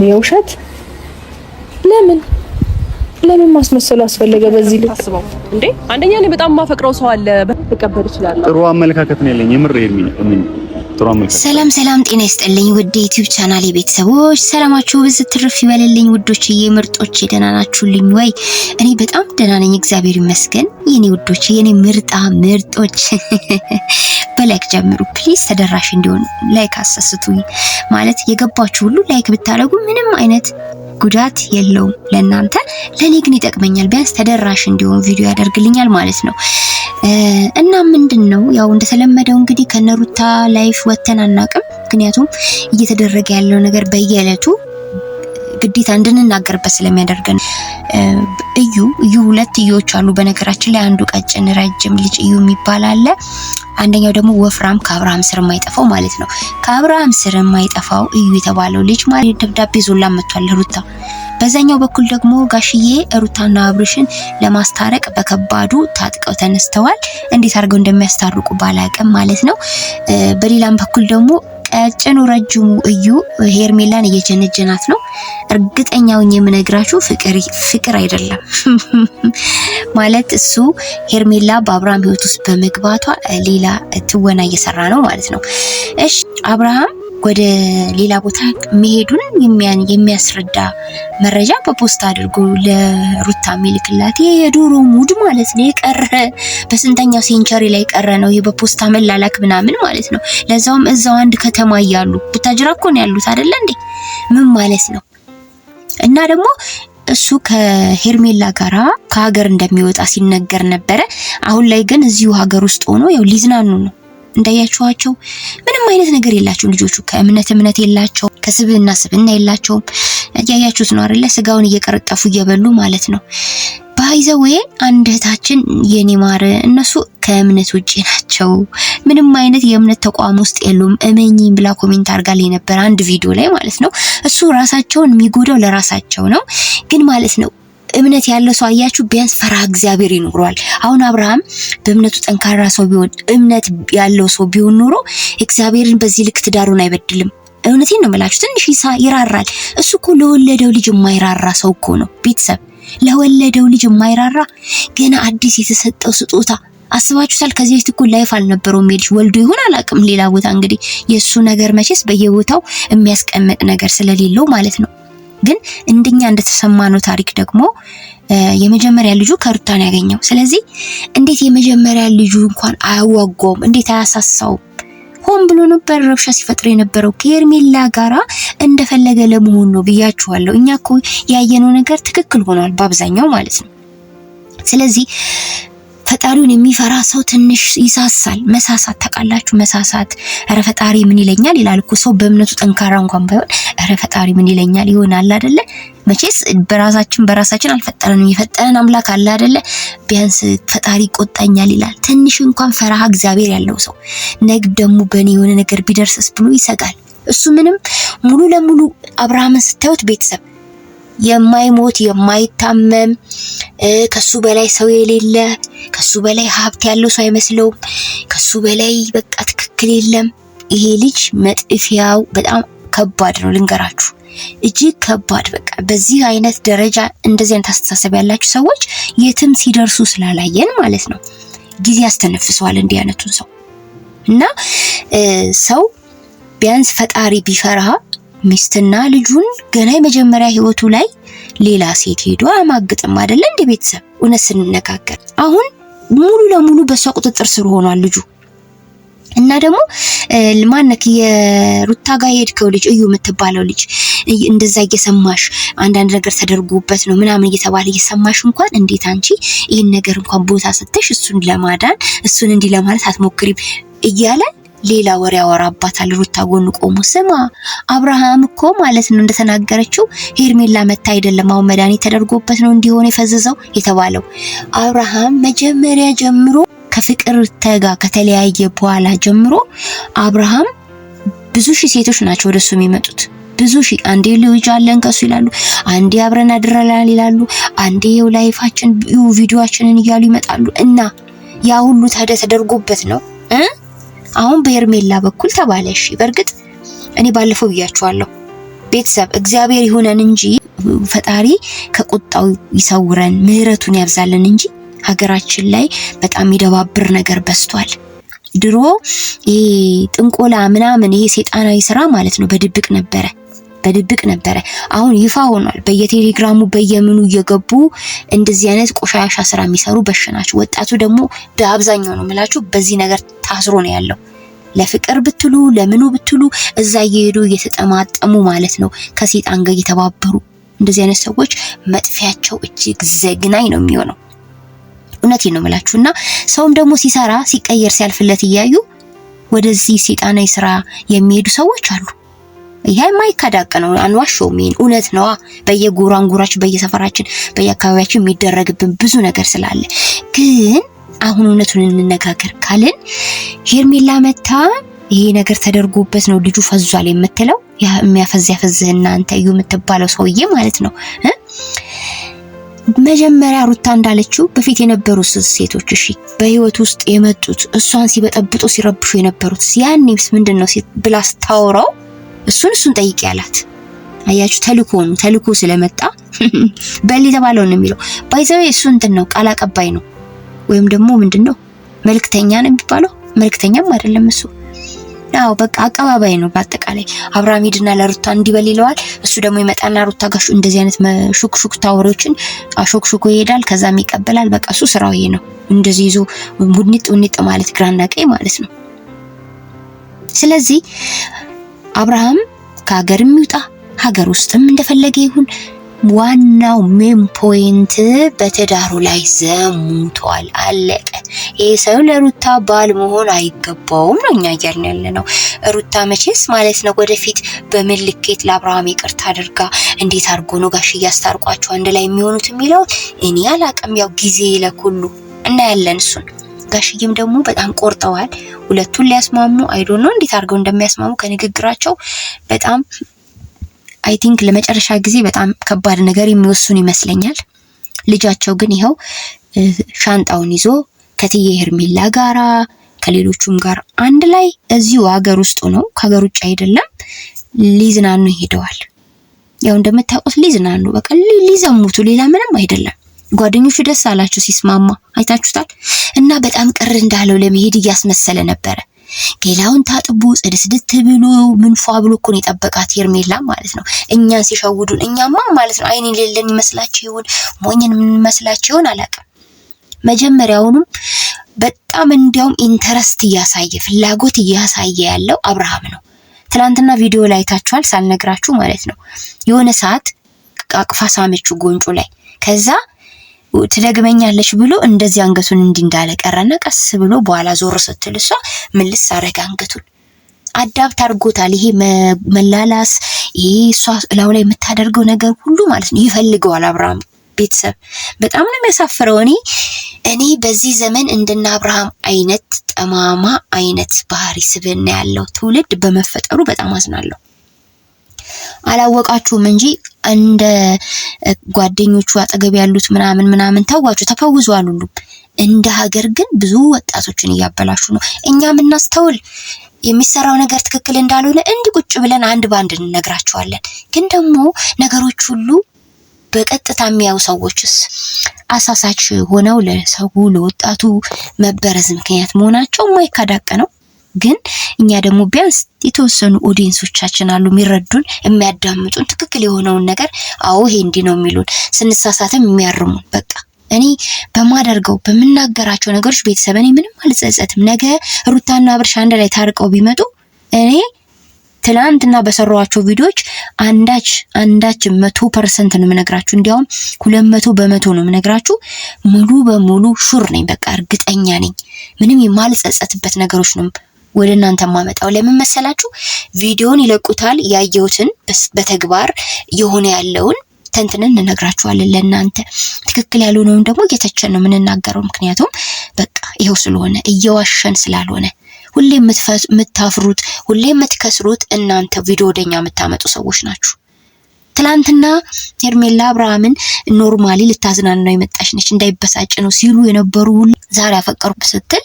ነው። የውሸት ለምን ለምን ማስመሰል አስፈለገ? በዚህ ልክ እንዴ? አንደኛ እኔ በጣም ማፈቅረው ሰው አለ። በተቀበል ይችላል። ጥሩ አመለካከት ነው ያለኝ የምር የሚኝ ሰላም ሰላም፣ ጤና ይስጥልኝ ውድ ዩቲዩብ ቻናል የቤተሰቦች ሰላማችሁ ብዝ ትርፍ ይበልልኝ። ውዶችዬ ምርጦች ደህና ናችሁልኝ ወይ? እኔ በጣም ደህና ነኝ እግዚአብሔር ይመስገን። የኔ ውዶች፣ የኔ ምርጣ ምርጦች በላይክ ጀምሩ ፕሊዝ፣ ተደራሽ እንዲሆን ላይክ አሰስቱኝ። ማለት የገባችሁ ሁሉ ላይክ ብታደርጉ ምንም አይነት ጉዳት የለውም ለእናንተ፣ ለእኔ ግን ይጠቅመኛል። ቢያንስ ተደራሽ እንዲሆን ቪዲዮ ያደርግልኛል ማለት ነው። እና ምንድን ነው ያው እንደተለመደው እንግዲህ ከነሩታ ላይፍ ወተን አናቅም። ምክንያቱም እየተደረገ ያለው ነገር በየዕለቱ ግዴታ እንድንናገርበት ስለሚያደርገን እዩ እዩ ሁለት እዮች አሉ። በነገራችን ላይ አንዱ ቀጭን ረጅም ልጅ እዩ የሚባል አለ። አንደኛው ደግሞ ወፍራም ከአብርሃም ስር የማይጠፋው ማለት ነው። ከአብርሃም ስር የማይጠፋው እዩ የተባለው ልጅ ማለት ደብዳቤ ዞላ መጥቷል ሩታ በዛኛው በኩል ደግሞ ጋሽዬ ሩታና አብርሽን ለማስታረቅ በከባዱ ታጥቀው ተነስተዋል። እንዴት አድርገው እንደሚያስታርቁ ባላቅም ማለት ነው። በሌላም በኩል ደግሞ ቀጭኑ ረጅሙ እዩ ሄርሜላን እየጀነጀናት ነው። እርግጠኛው የምነግራችሁ ፍቅር ፍቅር አይደለም ማለት እሱ ሄርሜላ በአብርሃም ህይወት ውስጥ በመግባቷ ሌላ ትወና እየሰራ ነው ማለት ነው። እሺ አብርሃም ወደ ሌላ ቦታ መሄዱን የሚያስረዳ መረጃ በፖስት አድርጎ ለሩታ የሚልክላት ይሄ የዶሮ ሙድ ማለት ነው። የቀረ በስንተኛው ሴንቸሪ ላይ ቀረ ነው ይሄ በፖስታ መላላክ ምናምን ማለት ነው። ለዛውም እዛው አንድ ከተማ እያሉ ቡታጅራ እኮ ነው ያሉት አይደለ እንዴ? ምን ማለት ነው? እና ደግሞ እሱ ከሄርሜላ ጋራ ከሀገር እንደሚወጣ ሲነገር ነበረ። አሁን ላይ ግን እዚሁ ሀገር ውስጥ ሆኖ ያው ሊዝናኑ ነው። እንዳያችኋቸው ምንም አይነት ነገር የላቸውም። ልጆቹ ከእምነት እምነት የላቸው፣ ከስብህና ስብህና የላቸውም። እያያችሁት ነው አይደለ? ስጋውን እየቀረጠፉ እየበሉ ማለት ነው። ባይዘዌ አንድ እህታችን የኔ ማር እነሱ ከእምነት ውጪ ናቸው፣ ምንም አይነት የእምነት ተቋም ውስጥ የሉም እመኝ ብላ ኮሜንት አድርጋልኝ የነበረ አንድ ቪዲዮ ላይ ማለት ነው። እሱ ራሳቸውን የሚጎዳው ለራሳቸው ነው ግን ማለት ነው እምነት ያለው ሰው አያችሁ፣ ቢያንስ ፈራ እግዚአብሔር ይኖረዋል። አሁን አብርሃም በእምነቱ ጠንካራ ሰው ቢሆን እምነት ያለው ሰው ቢሆን ኖሮ እግዚአብሔርን በዚህ ልክ ትዳሩን አይበድልም። እውነቴን ነው የምላችሁ። ትንሽ ይራራል። እሱ እኮ ለወለደው ልጅ የማይራራ ሰው እኮ ነው። ቤተሰብ ለወለደው ልጅ የማይራራ ገና አዲስ የተሰጠው ስጦታ አስባችሁታል? ከዚህ በፊት እኮ ላይፍ አልነበረውም። ልጅ ወልዶ ይሁን አላውቅም። ሌላ ቦታ እንግዲህ የእሱ ነገር መቼስ በየቦታው የሚያስቀምጥ ነገር ስለሌለው ማለት ነው ግን እንደኛ እንደተሰማነው ታሪክ ደግሞ የመጀመሪያ ልጁ ከሩታን ያገኘው። ስለዚህ እንዴት የመጀመሪያ ልጁ እንኳን አያዋጓውም? እንዴት አያሳሳውም? ሆን ብሎ ነበር ረብሻ ሲፈጥር የነበረው ከሄርሜላ ጋራ እንደፈለገ ለመሆን ነው ብያችኋለሁ። እኛ እኮ ያየነው ነገር ትክክል ሆኗል፣ በአብዛኛው ማለት ነው። ስለዚህ ፈጣሪውን የሚፈራ ሰው ትንሽ ይሳሳል። መሳሳት ታውቃላችሁ፣ መሳሳት ኧረ ፈጣሪ ምን ይለኛል ይላል እኮ ሰው። በእምነቱ ጠንካራ እንኳን ባይሆን ኧረ ፈጣሪ ምን ይለኛል ይሆናል አይደለ? መቼስ በራሳችን በራሳችን አልፈጠረንም። የፈጠረን አምላክ አለ አይደለ? ቢያንስ ፈጣሪ ይቆጣኛል ይላል። ትንሽ እንኳን ፈራሃ እግዚአብሔር ያለው ሰው ነግ ደግሞ በእኔ የሆነ ነገር ቢደርስስ ብሎ ይሰጋል። እሱ ምንም ሙሉ ለሙሉ አብርሃምን ስታዩት ቤተሰብ የማይሞት የማይታመም ከሱ በላይ ሰው የሌለ ከሱ በላይ ሀብት ያለው ሰው አይመስለውም። ከሱ በላይ በቃ ትክክል የለም። ይሄ ልጅ መጥፊያው በጣም ከባድ ነው ልንገራችሁ፣ እጅግ ከባድ በቃ በዚህ አይነት ደረጃ እንደዚህ አይነት አስተሳሰብ ያላችሁ ሰዎች የትም ሲደርሱ ስላላየን ማለት ነው። ጊዜ ያስተነፍሰዋል እንዲህ አይነቱን ሰው እና ሰው ቢያንስ ፈጣሪ ቢፈራ ሚስትና ልጁን ገና የመጀመሪያ ህይወቱ ላይ ሌላ ሴት ሄዶ አማግጥም አይደለ እንደ ቤተሰብ እውነት ስንነጋገር አሁን ሙሉ ለሙሉ በእሷ ቁጥጥር ስር ሆኗል ልጁ እና ደግሞ ማነክ የሩታ ጋር የሄድከው ልጅ እዩ የምትባለው ልጅ እንደዛ እየሰማሽ አንዳንድ ነገር ተደርጎበት ነው ምናምን እየተባለ እየሰማሽ እንኳን እንዴት አንቺ ይህን ነገር እንኳን ቦታ ሰተሽ እሱን ለማዳን እሱን እንዲህ ለማለት አትሞክሪም እያለ ሌላ ወሬ ያወራባታል። ሩታ ጎን ቆሞ ስማ አብርሃም እኮ ማለት ነው እንደተናገረችው ሄርሜላ መታ አይደለም አሁን መድኃኒት ተደርጎበት ነው እንዲሆን የፈዘዘው የተባለው። አብርሃም መጀመሪያ ጀምሮ ከፍቅር ተጋ ከተለያየ በኋላ ጀምሮ አብርሃም ብዙ ሺህ ሴቶች ናቸው ወደሱ የሚመጡት ብዙ ሺህ አንዴ ልጅ አለን ከሱ ይላሉ፣ አንዴ አብረን አድረናል ይላሉ፣ አንዴ የው ላይፋችን ቪዲዮአችንን እያሉ ይመጣሉ። እና ያ ሁሉ ታዲያ ተደርጎበት ነው እ አሁን በሄርሜላ በኩል ተባለ። እሺ በእርግጥ እኔ ባለፈው ብያችኋለሁ ቤተሰብ እግዚአብሔር ይሁነን እንጂ ፈጣሪ ከቁጣው ይሰውረን፣ ምሕረቱን ያብዛልን እንጂ ሀገራችን ላይ በጣም ይደባብር ነገር በስቷል። ድሮ ይሄ ጥንቆላ ምናምን ይሄ ሴጣናዊ ስራ ማለት ነው በድብቅ ነበረ። በድብቅ ነበረ። አሁን ይፋ ሆኗል። በየቴሌግራሙ በየምኑ እየገቡ እንደዚህ አይነት ቆሻሻ ስራ የሚሰሩ በሽ ናቸው። ወጣቱ ደግሞ በአብዛኛው ነው የምላችሁ በዚህ ነገር ታስሮ ነው ያለው። ለፍቅር ብትሉ ለምኑ ብትሉ እዛ እየሄዱ እየተጠማጠሙ ማለት ነው ከሴጣን ጋር እየተባበሩ እንደዚህ አይነት ሰዎች መጥፊያቸው እጅግ ዘግናኝ ነው የሚሆነው። እውነቴን ነው እና ሰውም ደግሞ ሲሰራ ሲቀየር ሲያልፍለት እያዩ ወደዚህ ሴጣናዊ ስራ የሚሄዱ ሰዎች አሉ። ይሄ የማይካድ ነው። አንዋሾም፣ እውነት ነዋ። በየጎራንጉራችን፣ በየሰፈራችን፣ በየአካባቢያችን የሚደረግብን ብዙ ነገር ስላለ ግን አሁን እውነቱን እንነጋገር ካልን ሄርሜላ መታ ይሄ ነገር ተደርጎበት ነው ልጁ ፈዟል የምትለው የሚያፈዝ ያፈዝህ እናንተ እዩ የምትባለው ሰውዬ ማለት ነው። መጀመሪያ ሩታ እንዳለችው በፊት የነበሩ ሴቶች እሺ፣ በህይወት ውስጥ የመጡት እሷን ሲበጠብጡ ሲረብሹ የነበሩት ያኔስ ምንድን ነው ብላ ስታወራው እሱን እሱን ጠይቂ ያላት። አያችሁ ተልኮ ነው ተልኮ ስለመጣ በል የተባለው ነው የሚለው። ባይዘው እሱ እንትን ነው ቃል አቀባይ ነው ወይም ደግሞ ምንድነው መልክተኛ ነው የሚባለው። መልክተኛም አይደለም እሱ አዎ በቃ አቀባባይ ነው። በአጠቃላይ አብርሃም ሂድና ለሩታ እንዲበል ይለዋል። እሱ ደግሞ ይመጣና ሩታ ጋር እንደዚህ አይነት ሹክሹክ ታወሪዎችን አሾክሹኮ ይሄዳል። ከዛም ይቀበላል። በቃ እሱ ስራው ይሄ ነው። እንደዚህ ይዞ ውኒጥ ውኒጥ ማለት ግራና ቀኝ ማለት ነው። ስለዚህ አብርሃም ከሀገር የሚውጣ ሀገር ውስጥም እንደፈለገ ይሁን ዋናው ሜን ፖይንት በትዳሩ ላይ ዘሙቷል። አለቀ። ይህ ሰው ለሩታ ባል መሆን አይገባውም ነው እኛ እያልን ያለ ነው። ሩታ መቼስ ማለት ነው ወደፊት በምን ልኬት ለአብርሃም ይቅርታ አድርጋ እንዴት አድርጎ ነው ጋሽ እያስታርቋቸው አንድ ላይ የሚሆኑት የሚለውን እኔ አላቅም። ያው ጊዜ ለኩሉ እናያለን እሱን ጋሽዬም ደግሞ በጣም ቆርጠዋል። ሁለቱን ሊያስማሙ አይዶ ነው እንዴት አድርገው እንደሚያስማሙ ከንግግራቸው በጣም አይ ቲንክ ለመጨረሻ ጊዜ በጣም ከባድ ነገር የሚወስኑ ይመስለኛል። ልጃቸው ግን ይኸው ሻንጣውን ይዞ ከትዬ ሄርሜላ ጋራ ከሌሎቹም ጋር አንድ ላይ እዚሁ ሀገር ውስጥ ነው፣ ከሀገር ውጭ አይደለም። ሊዝናኑ ሄደዋል። ያው እንደምታውቁት ሊዝናኑ በቃ ሊዘሙቱ፣ ሌላ ምንም አይደለም። ጓደኞቹ ደስ አላቸው ሲስማማ አይታችሁታል። እና በጣም ቅር እንዳለው ለመሄድ እያስመሰለ ነበረ። ሌላውን ታጥቦ ጽድስድት ብሎ ምንፏ ብሎ እኮ ነው የጠበቃት ሄርሜላ ማለት ነው። እኛን ሲሸውዱን እኛማ ማለት ነው አይን የሌለን ይመስላችሁ ይሆን ሞኝን የምንመስላቸው ይሆን አላውቅም። መጀመሪያውንም በጣም እንዲያውም ኢንተረስት እያሳየ ፍላጎት እያሳየ ያለው አብርሃም ነው። ትናንትና ቪዲዮ ላይ ታችኋል ሳልነግራችሁ ማለት ነው። የሆነ ሰዓት አቅፋ ሳመችው ጎንጮ ላይ ከዛ ትደግመኛለች ብሎ እንደዚህ አንገቱን እንዲህ እንዳለ ቀረና ቀስ ብሎ በኋላ ዞር ስትል እሷ ምልስ አረገ አንገቱን። አዳብት አድርጎታል። ይሄ መላላስ፣ ይሄ እሷ እላው ላይ የምታደርገው ነገር ሁሉ ማለት ነው። ይፈልገዋል አብርሃም ቤተሰብ በጣም ነው የሚያሳፍረው። እኔ እኔ በዚህ ዘመን እንደና አብርሃም አይነት ጠማማ አይነት ባህሪ ስብዕና ያለው ትውልድ በመፈጠሩ በጣም አዝናለሁ። አላወቃችሁም እንጂ እንደ ጓደኞቹ አጠገብ ያሉት ምናምን ምናምን ተዋችሁ ተፈውዙ አሉሉ። እንደ ሀገር ግን ብዙ ወጣቶችን እያበላሹ ነው። እኛ የምናስተውል የሚሰራው ነገር ትክክል እንዳልሆነ እንዲህ ቁጭ ብለን አንድ በአንድ እንነግራቸዋለን። ግን ደግሞ ነገሮች ሁሉ በቀጥታ የሚያዩ ሰዎችስ አሳሳች ሆነው ለሰው ለወጣቱ መበረዝ ምክንያት መሆናቸው ማይካዳቀ ነው። ግን እኛ ደግሞ ቢያንስ የተወሰኑ ኦዲየንሶቻችን አሉ የሚረዱን፣ የሚያዳምጡን ትክክል የሆነውን ነገር አዎ ይሄ እንዲህ ነው የሚሉን፣ ስንሳሳትም የሚያርሙን በቃ እኔ በማደርገው በምናገራቸው ነገሮች ቤተሰብ እኔ ምንም አልጸጸትም። ነገ ሩታና ብርሻ አንድ ላይ ታርቀው ቢመጡ እኔ ትናንትና በሰሯቸው ቪዲዮዎች አንዳች አንዳች መቶ ፐርሰንት ነው የምነግራችሁ። እንዲያውም ሁለት መቶ በመቶ ነው የምነግራችሁ። ሙሉ በሙሉ ሹር ነኝ፣ በቃ እርግጠኛ ነኝ። ምንም የማልጸጸትበት ነገሮች ነው ወደ እናንተ ማመጣው ለምን መሰላችሁ? ቪዲዮን ይለቁታል። ያየሁትን በተግባር የሆነ ያለውን ተንትነን እንነግራችኋለን ለእናንተ። ትክክል ያልሆነውን ደግሞ እየተቸን ነው የምንናገረው። ምክንያቱም በቃ ይኸው ስለሆነ እየዋሸን ስላልሆነ ሁሌ የምታፍሩት ሁሌ የምትከስሩት እናንተ ቪዲዮ ወደኛ የምታመጡ ሰዎች ናችሁ። ትላንትና ሄርሜላ አብርሃምን ኖርማሊ ልታዝናን ነው የመጣሽ ነች እንዳይበሳጭ ነው ሲሉ የነበሩ ዛሬ አፈቀርኩ ስትል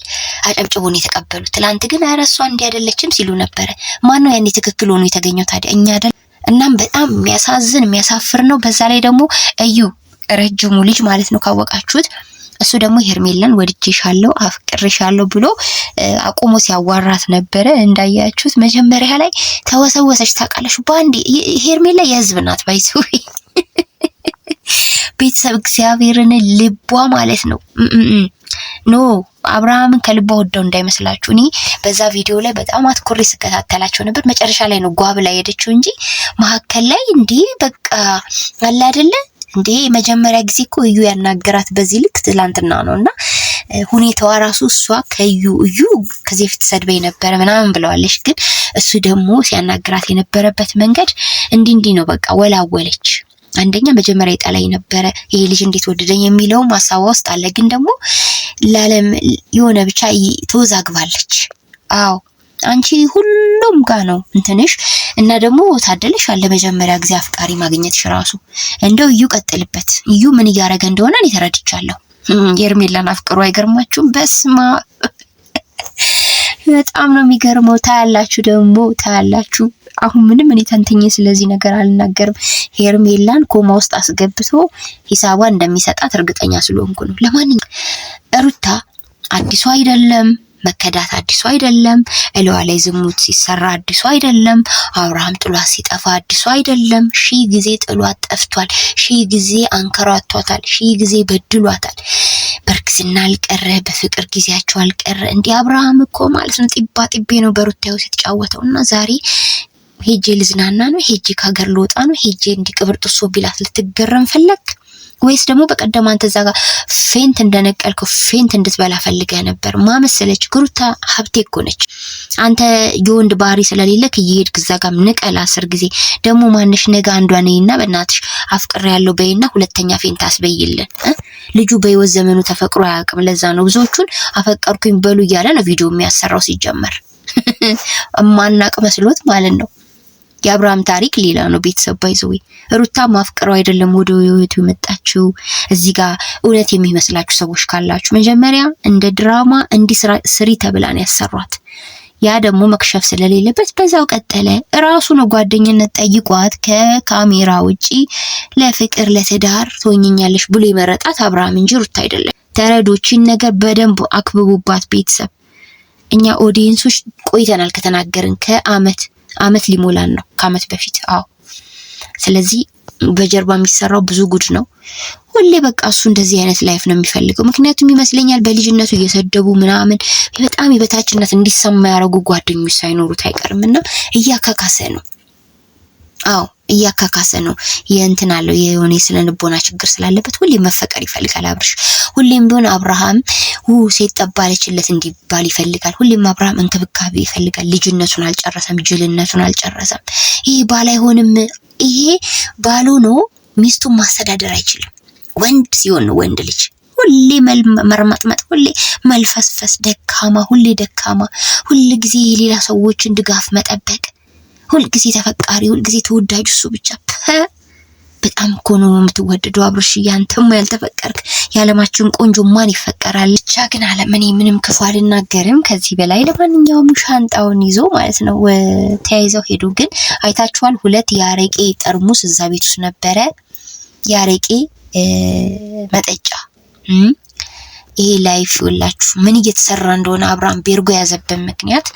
አጨብጭቦን የተቀበሉ። ትላንት ግን ኧረ እሷ እንዲህ አይደለችም ሲሉ ነበረ። ማነው ያኔ ትክክል ሆኖ የተገኘው ታዲያ እኛ አይደል? እናም በጣም የሚያሳዝን የሚያሳፍር ነው። በዛ ላይ ደግሞ እዩ ረጅሙ ልጅ ማለት ነው ካወቃችሁት እሱ ደግሞ ሄርሜላን ወድጄሻለሁ አፍቅሬሻለሁ ብሎ አቁሞ ሲያዋራት ነበረ። እንዳያችሁት መጀመሪያ ላይ ተወሰወሰች። ታውቃለች በአንዴ ሄርሜላ የህዝብ ናት ባይሱ ቤተሰብ እግዚአብሔርን ልቧ ማለት ነው። ኖ አብርሃምን ከልቧ ወደው እንዳይመስላችሁ። እኔ በዛ ቪዲዮ ላይ በጣም አትኩሬ ስከታተላቸው ነበር። መጨረሻ ላይ ነው ጓብ ላይ ሄደችው እንጂ መሀከል ላይ እንዲህ በቃ አለ አይደለም እንዴ መጀመሪያ ጊዜ እኮ እዩ ያናገራት በዚህ ልክ ትላንትና ነው እና ሁኔታዋ ራሱ እሷ ከዩ እዩ ከዚህ በፊት ሰድበኝ ነበረ ምናምን ብለዋለች። ግን እሱ ደግሞ ሲያናግራት የነበረበት መንገድ እንዲህ እንዲህ ነው በቃ ወላወለች። አንደኛ መጀመሪያ የጠላኝ ነበረ ይሄ ልጅ እንዴት ወደደኝ የሚለው ሀሳቧ ውስጥ አለ። ግን ደግሞ ላለም የሆነ ብቻ ተወዛግባለች። አዎ አንቺ ሁሉም ጋር ነው እንትንሽ እና ደግሞ ታደለሽ አለ መጀመሪያ ጊዜ አፍቃሪ ማግኘትሽ ራሱ እንደው እዩ ቀጥልበት። እዩ ምን እያደረገ እንደሆነ እኔ ተረድቻለሁ። የእርሜላን አፍቅሩ አይገርማችሁም? በስማ በጣም ነው የሚገርመው። ታያላችሁ ደግሞ ታያላችሁ። አሁን ምንም እኔ ተንትኜ ስለዚህ ነገር አልናገርም። ሄርሜላን ኮማ ውስጥ አስገብቶ ሂሳቧን እንደሚሰጣት እርግጠኛ ስለሆንኩ ነው። ለማንኛውም ሩታ አዲሷ አይደለም። መከዳት አዲሱ አይደለም። እለዋ ላይ ዝሙት ሲሰራ አዲሱ አይደለም። አብርሃም ጥሏት ሲጠፋ አዲሱ አይደለም። ሺ ጊዜ ጥሏት ጠፍቷል። ሺ ጊዜ አንከራቷታል። ሺ ጊዜ በድሏታል። በእርግዝና አልቀረ፣ በፍቅር ጊዜያቸው አልቀረ። እንዲህ አብርሃም እኮ ማለት ነው ጢባ ጢቤ ነው በሩታዩ የተጫወተው እና ዛሬ ሄጄ ልዝናና ነው ሄጄ ከሀገር ልወጣ ነው ሄጄ እንዲህ ቅብር ጥሶ ቢላት ልትገረም ፈለግ ወይስ ደግሞ በቀደም አንተ እዛ ጋር ፌንት እንደነቀልኩ ፌንት እንድትበላ ፈልገ ነበር? ማመሰለች ግሩታ ሀብቴ እኮ ነች። አንተ የወንድ ባህሪ ስለሌለክ እየሄድክ እዛ ጋር ንቀል አስር ጊዜ ደግሞ ማንሽ ነገ አንዷ ነይና በእናትሽ አፍቅር ያለው በይና ሁለተኛ ፌንት አስበይልን። ልጁ በህይወት ዘመኑ ተፈቅሮ አያውቅም። ለዛ ነው ብዙዎቹን አፈቀርኩኝ በሉ እያለ ነው ቪዲዮ የሚያሰራው ሲጀመር ማናቅ መስሎት ማለት ነው። የአብርሃም ታሪክ ሌላ ነው። ቤተሰብ ባይዘዌ ሩታ ማፍቀረው አይደለም ወደ ህይወቱ የመጣችው። እዚህ ጋር እውነት የሚመስላችሁ ሰዎች ካላችሁ መጀመሪያ እንደ ድራማ እንዲስራ ስሪ ተብላን ያሰሯት ያ ደግሞ መክሸፍ ስለሌለበት በዛው ቀጠለ። እራሱ ነው ጓደኝነት ጠይቋት ከካሜራ ውጪ ለፍቅር ለትዳር ትሆኝኛለሽ ብሎ የመረጣት አብርሃም እንጂ ሩታ አይደለም። ተረዶችን ነገር በደንብ አክብቡባት ቤተሰብ። እኛ ኦዲየንሶች ቆይተናል ከተናገርን ከአመት አመት ሊሞላን ነው ከአመት በፊት አዎ። ስለዚህ በጀርባ የሚሰራው ብዙ ጉድ ነው። ሁሌ በቃ እሱ እንደዚህ አይነት ላይፍ ነው የሚፈልገው። ምክንያቱም ይመስለኛል በልጅነቱ እየሰደቡ ምናምን በጣም የበታችነት እንዲሰማ ያደረጉ ጓደኞች ሳይኖሩት አይቀርም እና እያካካሰ ነው። አዎ እያካካሰ ነው። የእንትን አለው የሆነ የስነ ልቦና ችግር ስላለበት ሁሌም መፈቀር ይፈልጋል አብርሽ። ሁሌም ቢሆን አብርሃም ሴት ጠባለችለት እንዲባል ይፈልጋል። ሁሌም አብርሃም እንክብካቤ ይፈልጋል። ልጅነቱን አልጨረሰም፣ ጅልነቱን አልጨረሰም። ይሄ ባል አይሆንም። ይሄ ባሉ ነው ሚስቱን ማስተዳደር አይችልም። ወንድ ሲሆን ነው ወንድ ልጅ ሁሌ መርማጥመጥ፣ ሁሌ መልፈስፈስ፣ ደካማ፣ ሁሌ ደካማ፣ ሁል ጊዜ የሌላ ሰዎችን ድጋፍ መጠበቅ ሁልጊዜ ተፈቃሪ፣ ሁልጊዜ ተወዳጅ እሱ ብቻ። በጣም እኮ ነው የምትወደደው አብርሽ። ያንተም ያልተፈቀርክ የዓለማችን ቆንጆ ማን ይፈቀራል? ብቻ ግን አለም እኔ ምንም ክፉ አልናገርም ከዚህ በላይ ለማንኛውም ሻንጣውን ይዞ ማለት ነው ተያይዘው ሄዱ። ግን አይታችኋል፣ ሁለት የአረቄ ጠርሙስ እዛ ቤት ውስጥ ነበረ። የአረቄ መጠጫ ይሄ ላይፍ ይውላችሁ ምን እየተሰራ እንደሆነ አብርሃም ቤርጎ የያዘበት ምክንያት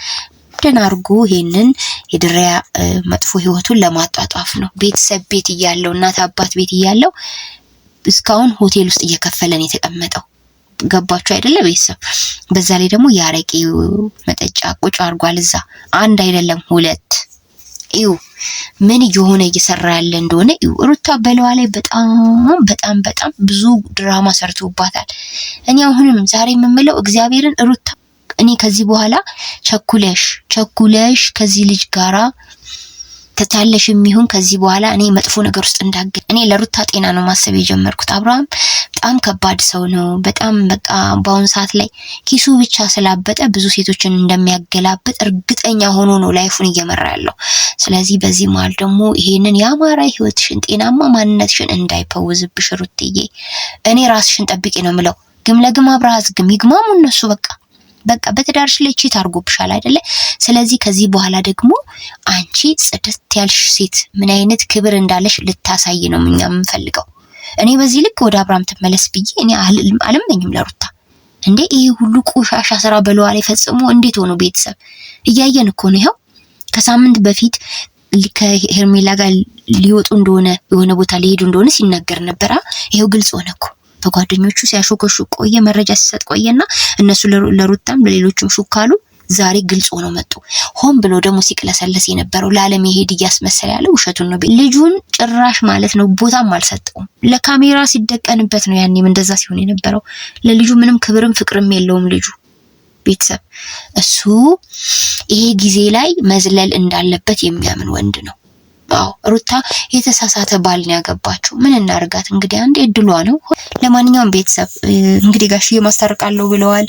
በደን አድርጎ ይሄንን የድሪያ መጥፎ ህይወቱን ለማጧጧፍ ነው። ቤተሰብ ቤት እያለው እናት አባት ቤት እያለው እስካሁን ሆቴል ውስጥ እየከፈለን የተቀመጠው ገባችሁ አይደለ? ቤተሰብ በዛ ላይ ደግሞ የአረቄ መጠጫ ቁጭ አድርጓል እዛ። አንድ አይደለም ሁለት እዩ ምን እየሆነ እየሰራ ያለ እንደሆነ እዩ። ሩታ በለዋ ላይ በጣም በጣም በጣም ብዙ ድራማ ሰርቶባታል። እኔ አሁንም ዛሬ የምምለው እግዚአብሔርን ሩታ እኔ ከዚህ በኋላ ቸኩለሽ ቸኩለሽ ከዚህ ልጅ ጋራ ተታለሽ የሚሆን ከዚህ በኋላ እኔ መጥፎ ነገር ውስጥ እንዳገ እኔ ለሩታ ጤና ነው ማሰብ የጀመርኩት። አብርሃም በጣም ከባድ ሰው ነው። በጣም በቃ በአሁኑ ሰዓት ላይ ኪሱ ብቻ ስላበጠ ብዙ ሴቶችን እንደሚያገላብጥ እርግጠኛ ሆኖ ነው ላይፉን እየመራ ያለው። ስለዚህ በዚህ መሀል ደግሞ ይሄንን የአማራ ህይወትሽን፣ ጤናማ ማንነትሽን እንዳይፈውዝብሽ ሩትዬ፣ እኔ ራስሽን ጠብቂ ነው ምለው። ግም ለግም አብርሃ ይግማሙ እነሱ በቃ በቃ በትዳርሽ ላይ ቺት አድርጎብሻል አይደለ? ስለዚህ ከዚህ በኋላ ደግሞ አንቺ ጽድት ያልሽ ሴት ምን አይነት ክብር እንዳለሽ ልታሳይ ነው እኛ የምንፈልገው። እኔ በዚህ ልክ ወደ አብርሃም ትመለስ ብዬ እኔ አልመኝም ለሩታ እንዴ ይሄ ሁሉ ቆሻሻ ስራ በለዋ ላይ ፈጽሞ እንዴት ሆኖ ቤተሰብ እያየን እኮ ነው። ይኸው ከሳምንት በፊት ከሄርሜላ ጋር ሊወጡ እንደሆነ የሆነ ቦታ ሊሄዱ እንደሆነ ሲናገር ነበራ። ይሄው ግልጽ ሆነ እኮ። በጓደኞቹ ሲያሾከሹ ቆየ፣ መረጃ ሲሰጥ ቆየና እነሱ ለሩታም ለሌሎችም ሹካሉ ዛሬ ግልጽ ሆኖ መጡ። ሆን ብሎ ደግሞ ሲቅለሰለስ የነበረው ለዓለም የሄድ እያስመሰለ ያለ ውሸቱን ነው። ልጁን ጭራሽ ማለት ነው ቦታም አልሰጠውም። ለካሜራ ሲደቀንበት ነው ያኔም እንደዛ ሲሆን የነበረው። ለልጁ ምንም ክብርም ፍቅርም የለውም ልጁ ቤተሰብ እሱ ይሄ ጊዜ ላይ መዝለል እንዳለበት የሚያምን ወንድ ነው። አዎ ሩታ የተሳሳተ ባልን ያገባችው ምን እናርጋት እንግዲህ አንድ እድሏ ነው። ለማንኛውም ቤተሰብ እንግዲህ ጋሽዬ ማስታርቃለሁ ብለዋል።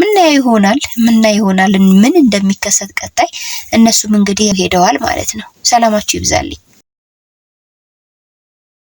ምናየው ይሆናል ምናየው ይሆናል ምን እንደሚከሰት ቀጣይ። እነሱም እንግዲህ ሄደዋል ማለት ነው። ሰላማችሁ ይብዛልኝ።